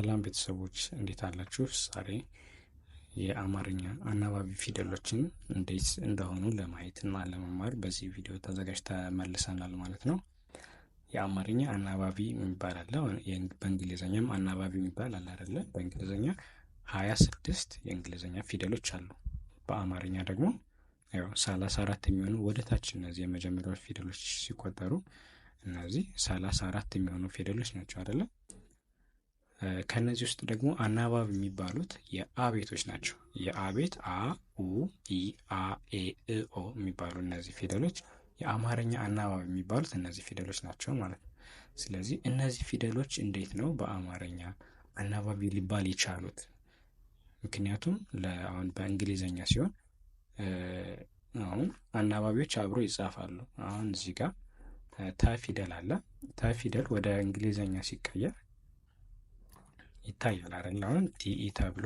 ሰላም ቤተሰቦች እንዴት አላችሁ? ዛሬ የአማርኛ አናባቢ ፊደሎችን እንዴት እንደሆኑ ለማየት እና ለመማር በዚህ ቪዲዮ ተዘጋጅ ተመልሰናል ማለት ነው። የአማርኛ አናባቢ የሚባል አለ፣ በእንግሊዝኛም አናባቢ የሚባል አለ አይደለ? በእንግሊዝኛ ሀያ ስድስት የእንግሊዝኛ ፊደሎች አሉ። በአማርኛ ደግሞ ሰላሳ አራት የሚሆኑ ወደ ታች እነዚህ የመጀመሪያዎች ፊደሎች ሲቆጠሩ እነዚህ ሰላሳ አራት የሚሆኑ ፊደሎች ናቸው አደለ? ከእነዚህ ውስጥ ደግሞ አናባብ የሚባሉት የአ ቤቶች ናቸው። የአ ቤት አ፣ ኡ፣ ኢ፣ አ፣ ኤ፣ እ፣ ኦ የሚባሉ እነዚህ ፊደሎች የአማርኛ አናባብ የሚባሉት እነዚህ ፊደሎች ናቸው ማለት ነው። ስለዚህ እነዚህ ፊደሎች እንዴት ነው በአማርኛ አናባቢ ሊባል የቻሉት? ምክንያቱም ለአሁን በእንግሊዘኛ ሲሆን አሁን አናባቢዎች አብሮ ይጻፋሉ። አሁን እዚህ ጋር ታ ፊደል አለ። ታ ፊደል ወደ እንግሊዘኛ ሲቀየር ይታያል አይደል? አሁን ቲኢ ተብሎ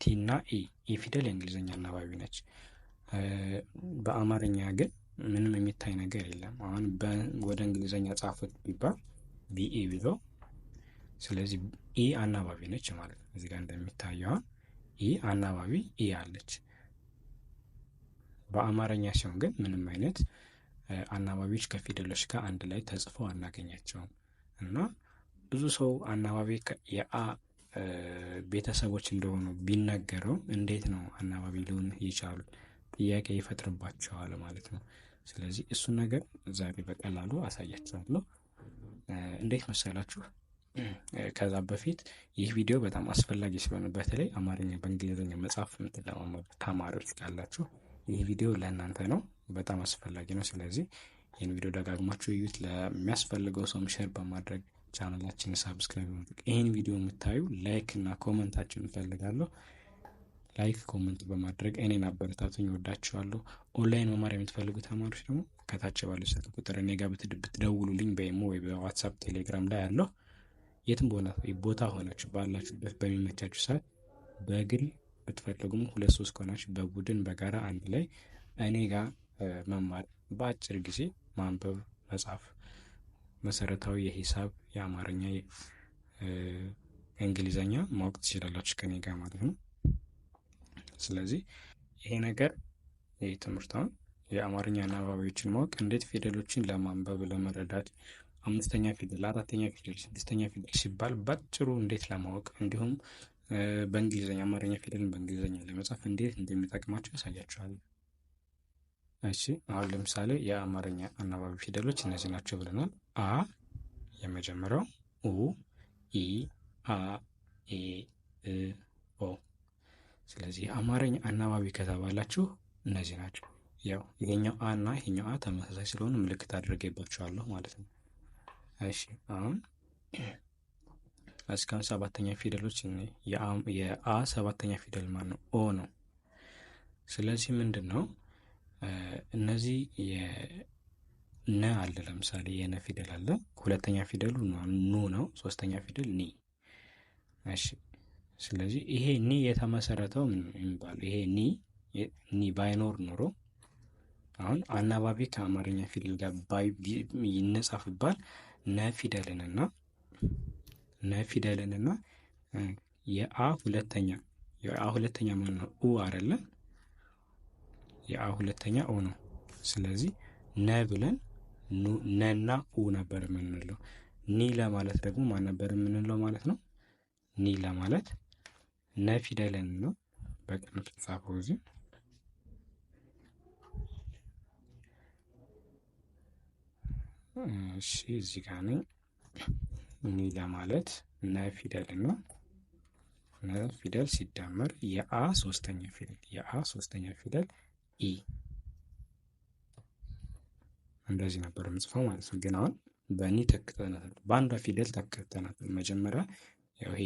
ቲ እና ኢ ኢ ፊደል የእንግሊዝኛ አናባቢ ነች። በአማርኛ ግን ምንም የሚታይ ነገር የለም። አሁን ወደ እንግሊዘኛ ጻፉት ቢባል ቢኢ ብሎ ስለዚህ ኢ አናባቢ ነች ማለት ነው። እዚህ ጋር እንደሚታየው አሁን ኢ አናባቢ ኢ አለች። በአማርኛ ሲሆን ግን ምንም አይነት አናባቢዎች ከፊደሎች ጋር አንድ ላይ ተጽፈው አናገኛቸውም እና ብዙ ሰው አናባቢ የአ ቤተሰቦች እንደሆኑ ቢነገረው እንዴት ነው አናባቢ ሊሆን የቻሉት? ጥያቄ ይፈጥርባቸዋል ማለት ነው። ስለዚህ እሱን ነገር ዛሬ በቀላሉ አሳያቸዋሉ እንዴት መሰላችሁ? ከዛ በፊት ይህ ቪዲዮ በጣም አስፈላጊ ስለሆነ በተለይ አማርኛ በእንግሊዝኛ መጽሐፍ የምትለማመዱ ተማሪዎች ካላችሁ ይህ ቪዲዮ ለእናንተ ነው። በጣም አስፈላጊ ነው። ስለዚህ ይህን ቪዲዮ ደጋግማችሁ እዩት። ለሚያስፈልገው ሰውም ሼር በማድረግ ቻናላችን ሳብስክራይብ በማድረግ ይህን ቪዲዮ የምታዩ ላይክ እና ኮመንታችሁን እንፈልጋለሁ። ላይክ ኮመንት በማድረግ እኔን አበረታቱኝ። ወዳችኋለሁ። ኦንላይን መማር የምትፈልጉ ተማሪዎች ደግሞ ከታች ባለው ስልክ ቁጥር እኔ ጋር ብትደውሉልኝ በኢሞ ወይ በዋትሳፕ ቴሌግራም ላይ ያለው የትም ቦታ ሆናችሁ ባላችሁበት በሚመቻችሁ ሰዓት በግል ብትፈልጉም ሁለት ሶስት ከሆናችሁ በቡድን በጋራ አንድ ላይ እኔ ጋር መማር፣ በአጭር ጊዜ ማንበብ መጻፍ፣ መሰረታዊ የሂሳብ፣ የአማርኛ፣ እንግሊዘኛ ማወቅ ትችላላችሁ ከኔ ጋር ማለት ነው። ስለዚህ ይሄ ነገር ይህ ትምህርት አሁን የአማርኛ አናባቢዎችን ማወቅ እንዴት ፊደሎችን ለማንበብ ለመረዳት አምስተኛ ፊደል፣ አራተኛ ፊደል፣ ስድስተኛ ፊደል ሲባል ባጭሩ እንዴት ለማወቅ እንዲሁም በእንግሊዝኛ አማርኛ ፊደልን በእንግሊዝኛ ለመጻፍ እንዴት እንደሚጠቅማቸው ያሳያችኋል። እሺ አሁን ለምሳሌ የአማርኛ አናባቢ ፊደሎች እነዚህ ናቸው ብለናል። አ የመጀመሪያው፣ ኡ፣ ኢ፣ አ፣ ኤ፣ እ፣ ኦ። ስለዚህ የአማርኛ አናባቢ ከተባላችሁ እነዚህ ናቸው። ያው ይሄኛው አ እና ይሄኛው አ ተመሳሳይ ስለሆነ ምልክት አድርጌባቸዋለሁ ማለት ነው። እሺ አሁን እስካሁን ሰባተኛ ፊደሎች የአ ሰባተኛ ፊደል ማን ነው? ኦ ነው። ስለዚህ ምንድን ነው እነዚህ የነ አለ ለምሳሌ የነ ፊደል አለ። ሁለተኛ ፊደሉ ኑ ነው። ሶስተኛ ፊደል ኒ። እሺ፣ ስለዚህ ይሄ ኒ የተመሰረተው የሚባለው ይሄ ኒ ኒ ባይኖር ኖሮ አሁን አናባቢ ከአማርኛ ፊደል ጋር ባይ ይነጻፍባል ነ ፊደልንና ነ ፊደልንና የአ ሁለተኛ የአ ሁለተኛ ማን ነው ኡ አይደለም የአ ሁለተኛ ኦ ነው። ስለዚህ ነ ብለን ነና ኡ ነበር የምንለው። ኒ ለማለት ደግሞ ማን ነበር የምንለው ማለት ነው። ኒ ለማለት ነ ፊደልን ነው በቅንፍ ተጻፈው እዚህ እሺ እዚህ ጋር ነኝ። ኒ ለማለት ነ ፊደል ነው። ነ ፊደል ሲዳመር የአ ሶስተኛ ፊደል የአ ሶስተኛ ፊደል እንደዚህ ነበር የምጽፈው ማለት ነው። ግን አሁን በኒ ተክተናታል፣ በአንዷ ፊደል ተክተናታል። መጀመሪያ ይሄ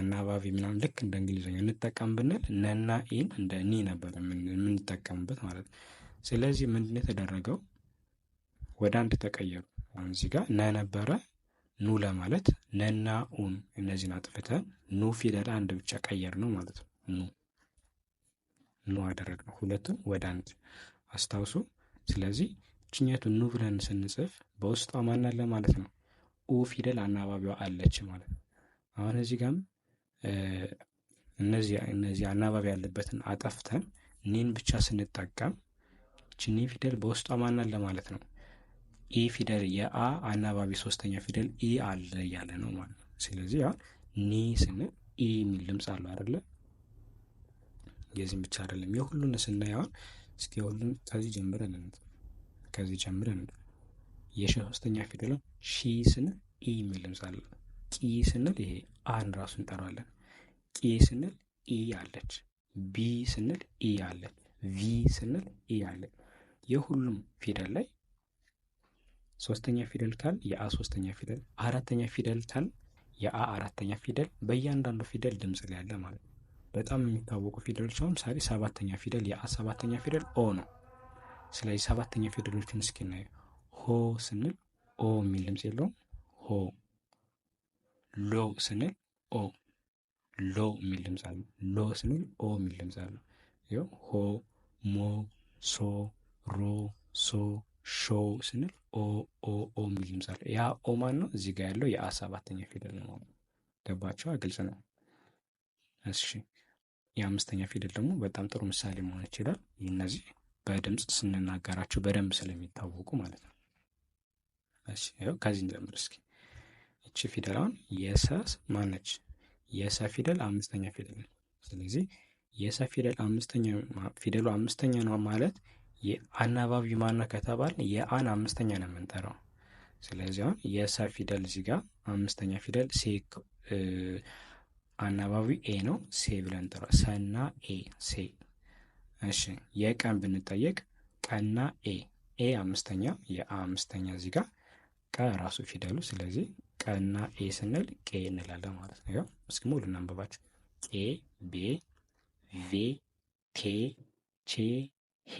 አናባቢ ምናምን ልክ እንደ እንግሊዝኛ እንጠቀም ብንል ነና ኢን እንደ ኒ ነበር የምንጠቀምበት ማለት ነው። ስለዚህ ምንድን የተደረገው ወደ አንድ ተቀየሩ። አሁን እዚህ ጋር ነ ነበረ ኑ ለማለት ነና ኡን እነዚህን አጥፍተን ኑ ፊደል አንድ ብቻ ቀየር ነው ማለት ነው ኑ ኑ አደረግነው። ሁለቱን ወደ አንድ አስታውሱ። ስለዚህ እችኛቱን ኑ ብለን ስንጽፍ በውስጧ ማናለ ማለት ነው ኡ ፊደል አናባቢዋ አለች ማለት ነው። አሁን እዚህ ጋም እነዚህ አናባቢ ያለበትን አጠፍተን ኒን ብቻ ስንጠቀም ችኒ ፊደል በውስጧ ማናለ ማለት ነው ኢ ፊደል የአ አናባቢ ሶስተኛ ፊደል ኢ አለ እያለ ነው ማለት ነው። ስለዚህ ኒ ስንል ኢ የሚል ድምፅ አለው አይደለ? የዚህም ብቻ አይደለም የሁሉን ስናየዋል። እስኪ ሁሉን ከዚህ ጀምረን እንጥ ከዚህ ጀምረን እንጥ የሺ ሶስተኛ ፊደልን ሺ ስንል ኢ የሚል ድምፅ አለ። ቂ ስንል ይሄ አን ራሱ እንጠራለን። ቂ ስንል ኢ አለች። ቢ ስንል ኢ አለ። ቪ ስንል ኢ አለ። የሁሉም ፊደል ላይ ሶስተኛ ፊደል ካል የአ ሶስተኛ ፊደል፣ አራተኛ ፊደል ካል የአ አራተኛ ፊደል በእያንዳንዱ ፊደል ድምፅ ላይ ያለ ማለት ነው። በጣም የሚታወቁ ፊደሎች አሁን ምሳሌ ሰባተኛ ፊደል የአ ሰባተኛ ፊደል ኦ ነው። ስለዚህ ሰባተኛ ፊደሎችን እስኪናየው ሆ ስንል ኦ የሚል ድምፅ የለውም። ሆ ሎ ስንል ኦ ሎ የሚል ድምፅ አለ። ሎ ስንል ኦ የሚል ድምፅ አለ። ይኸው ሆ ሞ ሶ ሮ ሶ ሾ ስንል ኦ ኦ ኦ የሚል ድምፅ አለ። ያ ኦ ማን ነው? እዚህ ጋር ያለው የአ ሰባተኛ ፊደል ነው። ገባቸው? ግልጽ ነው። እሺ የአምስተኛ ፊደል ደግሞ በጣም ጥሩ ምሳሌ መሆን ይችላል። እነዚህ በድምፅ ስንናገራቸው በደንብ ስለሚታወቁ ማለት ነው። ከዚህ እንጀምር እስኪ። እቺ ፊደል አሁን የሰ ማነች? የሰ ፊደል አምስተኛ ፊደል ነው። ስለዚህ የሰ ፊደል አምስተኛ ፊደሉ አምስተኛ ነው ማለት የአናባቢ ማና ከተባል የአን አምስተኛ ነው የምንጠራው። ስለዚህ አሁን የሰ ፊደል እዚህ ጋር አምስተኛ ፊደል ሴክ አናባቢ ኤ ነው። ሴ ብለን እንጠራ ሰና ኤ ሴ። እሺ የቀን ብንጠየቅ ቀና ኤ ኤ አምስተኛ የአ አምስተኛ እዚህ ጋር ቀ ራሱ ፊደሉ ስለዚህ ቀና ኤ ስንል ቄ እንላለን ማለት ነው። ያው እስኪ ሙሉ እናንብባችሁ ቄ ቤ ቬ ቴ ቼ ሄ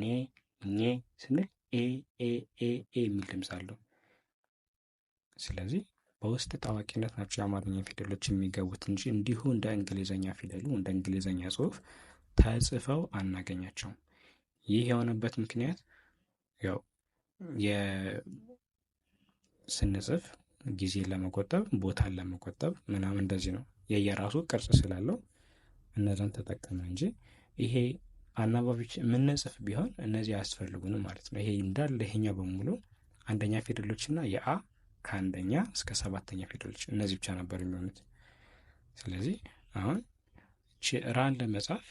ኔ ኜ ስንል ኤ ኤ ኤ ኤ የሚል ድምፅ አለው። ስለዚህ በውስጥ ታዋቂነት ናቸው የአማርኛ ፊደሎች የሚገቡት እንጂ እንዲሁ እንደ እንግሊዘኛ ፊደሉ እንደ እንግሊዘኛ ጽሁፍ ተጽፈው አናገኛቸውም። ይህ የሆነበት ምክንያት ያው ስንጽፍ ጊዜን ለመቆጠብ ቦታን ለመቆጠብ ምናምን እንደዚህ ነው። የየራሱ ቅርጽ ስላለው እነዛን ተጠቀመ እንጂ ይሄ አናባቢዎች የምንጽፍ ቢሆን እነዚህ አያስፈልጉንም ማለት ነው። ይሄ እንዳለ ይሄኛው በሙሉ አንደኛ ፊደሎችና የአ ከአንደኛ እስከ ሰባተኛ ፊደሎች እነዚህ ብቻ ነበር የሚሆኑት። ስለዚህ አሁን ራን ለመጻፍ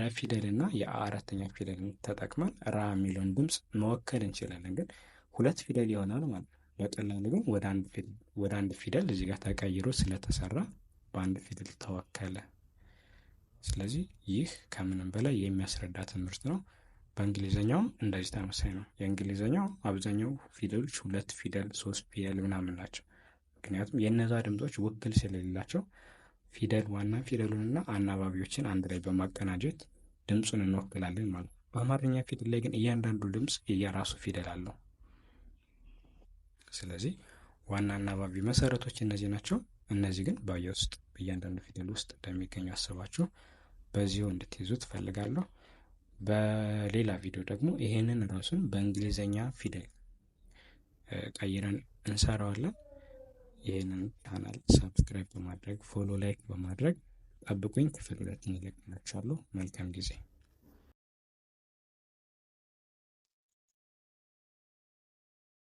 ረ ፊደልና የአራተኛ ፊደልን ተጠቅመን ራ የሚለውን ድምፅ መወከል እንችላለን። ግን ሁለት ፊደል ይሆናል ማለት ነው። በቀላሉ ግን ወደ አንድ ፊደል እዚህ ጋር ተቀይሮ ስለተሰራ በአንድ ፊደል ተወከለ። ስለዚህ ይህ ከምንም በላይ የሚያስረዳ ትምህርት ነው። በእንግሊዝኛውም እንደዚህ ተመሳይ ነው። የእንግሊዝኛው አብዛኛው ፊደሎች ሁለት ፊደል፣ ሶስት ፊደል ምናምን ናቸው። ምክንያቱም የእነዛ ድምጾች ውክል ስለሌላቸው ፊደል ዋና ፊደሉንና አናባቢዎችን አንድ ላይ በማቀናጀት ድምፁን እንወክላለን ማለት ነው። በአማርኛ ፊደል ላይ ግን እያንዳንዱ ድምፅ የየራሱ ፊደል አለው። ስለዚህ ዋና አናባቢ መሰረቶች እነዚህ ናቸው። እነዚህ ግን ባየ ውስጥ በእያንዳንዱ ፊደል ውስጥ እንደሚገኙ አስባችሁ በዚሁ እንድትይዙ ትፈልጋለሁ። በሌላ ቪዲዮ ደግሞ ይሄንን ራሱን በእንግሊዘኛ ፊደል ቀይረን እንሰራዋለን። ይህንን ቻናል ሰብስክራይብ በማድረግ ፎሎ ላይክ በማድረግ ጠብቁኝ። ክፍል ሁለት እንለቅላችኋለሁ። መልካም ጊዜ